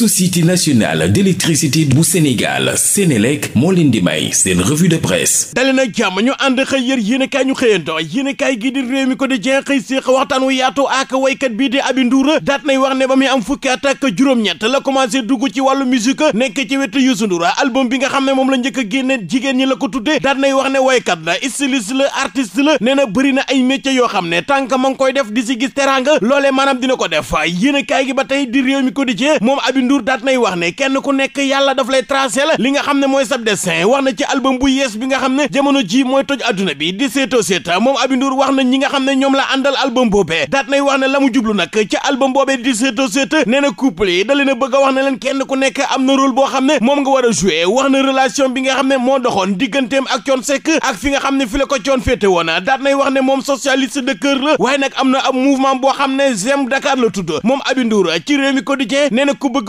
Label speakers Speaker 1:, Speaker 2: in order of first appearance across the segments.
Speaker 1: société nationale d'électricité bu Sénégal Sénélec moo leen di may seen revue de presse dali jàmm ñu ànd xëy yër yéenekaay ñu xëyanto yéenekaay gi di réew mi ko di jen xëy séex waxtaan wu yaatu ak waykat bii di Aby daat nay wax ne ba muy am fukki at ak juróom-ñett la commencé dugg ci wàllu musique nekk ci wetu Youssou Ndour album bi nga xam ne moom la njëkk a génne jigéen ñi la ko tudde daat nay wax ne waykat la styliste la artiste la nee Ndour daat nay wax ne kenn ku nekk yàlla daf lay tracé la li nga xam ne mooy sab destin wax na ci album bu yees bi nga xam ne jamono ji mooy toj adduna bi di seeto seeta moom Aby wax na ñi nga xam ne ñoom la àndal album boobee daat nay wax ne la jublu nag ca album boobee di seeto seeta nee na couple yi da leen a bëgg a wax ne leen kenn ku nekk am na rôle boo xam ne moom nga war a joué wax na relation bi nga xam ne moo doxoon digganteem ak Thione Seck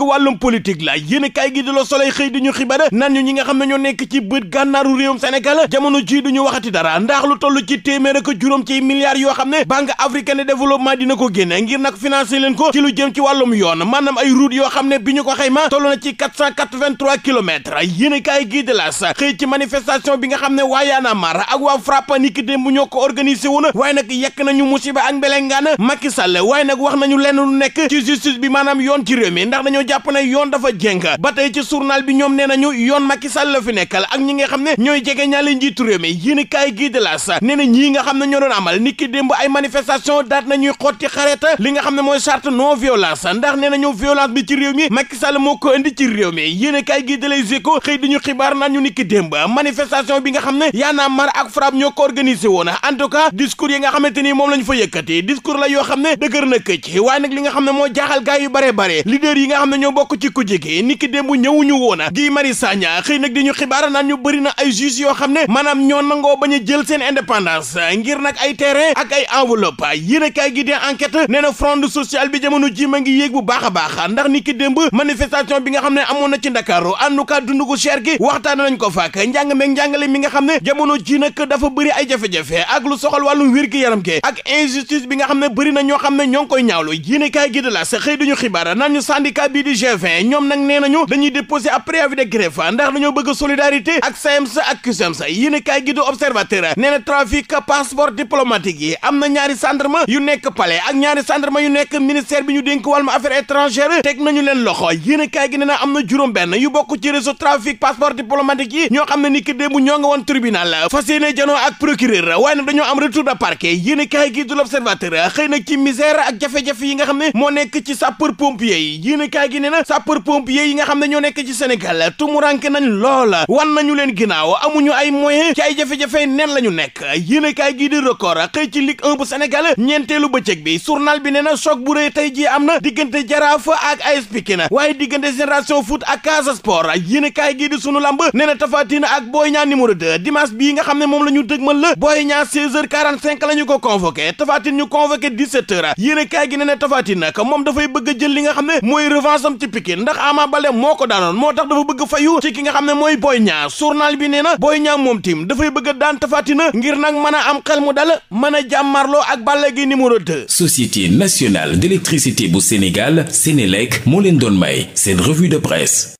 Speaker 1: wàllum politique la yéen kaay gi di xëy di ñu xibaar nan ñi nga xam ne nekk ci bët gànnaaru réewum Sénégal jamono ji duñu waxati dara ndax lu toll ci téeméer ak juróom ci milliards yoo xam ne Banque africaine de développement dina ko génne ngir nag financer leen ko ci lu jëm ci wàllum yoon maanaam ay route yoo xam ne bi ñu ko xayma toll na ci 483 kilomètres yéen kaay xëy ci manifestation bi nga xam ne waa Y'en a ak waa FRAPP niki démb ñoo jàpp na yoon dafa jéng ba tey ci journal bi ñoom nee nañu yoon Macky Sall la fi nekkal ak ñi nga xam ne ñooy jege ñaale njiitu réew mi yéen kaay gii de laas nee na ñii nga xam ne ñoo doon amal ni ki démb ay manifestation daat nañuy xotti xareta li nga xam ne mooy charte non violence ndax nee nañu violence bi ci réew mi Macky Sall moo ko indi ci réew mi kaay gii de Les Échos xëy xibaar naan ñu ni ki démb manifestation bi nga xam ne Y'en a marre ak FRAPP ñoo ko organisé woon en yi nga xamante ni moom lañ fa yëkkati yoo xam ne dëgër na këcc li nga xam ne moo jaaxal gaay yu bare bare leader yi nga xam ne ñoo bokk ci kujje gi niki démb ñëwuñu woona Guy Marius Sagna xëy nag di ñu xibaara naan ñu bëri na ay juges yoo xam ne maanaam ñoo nangoo ba a jël seen indépendance ngir nag ay terrain ak ay enveloppe yéen a kaay gi di enquête nee na fronde sociale bi jamono jii ma ngi yéeg bu baax a baax ndax niki démb manifestation bi nga xam ne amoon na ci Ndakaaru àndukaa dund gu cher gi waxtaan nañ ko faak njàng meeg njàngale mi nga xam ne jamono ji nag dafa bëri ay jafe-jafe ak lu soxal wàllum wér yaram ke ak injustice bi nga xam ne bëri na ñoo xam ne ñoo ngi koy ñaawlu yéen a kaay gi ñu syndicat du G20 ñoom nag nee nañu dañuy déposer ab préavis de grève ndax dañoo bëgg solidarité ak SAEMS ak CUSEMS yéen i kaay gi du observateur nee na trafic passeport diplomatique yi am na ñaari gendarme yu nekk palais ak ñaari gendarme yu nekk ministère bi ñu dénk wàllum affaires étrangères teg nañu leen loxo yéen i kaay gi nee na am na juróom-benn yu bokk ci réseau trafic passeport diplomatique yi ñoo xam ne ni ki démb ñoo nga woon tribunal fas yéene janoo ak procureur waaye nag dañoo am retour de parquet yéen i xëy na ci misère ak jafe yi nga xam ne moo nekk ci nee na sapeur pompier yi nga xam ne ñoo nekk ci Sénégal tumuranke nañ loola wan nañu leen ginnaaw amuñu ay moyen ci ay jafe-jafe neen la ñu nekk yéen kaay gii di record xëy ci Ligue 1 bu Sénégal ñeenteelu bëccëg bi journal bi nee na choc bu rëy tey jii am na diggante Jaraaf ak AS Pikine waaye diggante Génération Foot ak Casa Sport yéen kaay gii di sunu lamb nee na Tapha Tine ak Boy Niang numéro 2 dimanche bii nga xam ne moom la ñu dëgmal la Boy Niang 16h45 la ñu ko convoqué Tapha Tine gi nee na Tapha Tine moom dafay bëgg a li nga xam ne mooy revanche am ndax Ama Baldé moo ko daanoon moo tax dafa bëgg fayu ci ki nga xam ne mooy Boy Niang journal bi neena na Boy Niang moom tim dafay bëgg a daan Tapha ngir nag mën a am xel mu dal mën a jàmmarloo ak Balla Gaye numéro 2. Société nationale d'électricité bu Sénégal Sénélec moo leen doon may seen revue de presse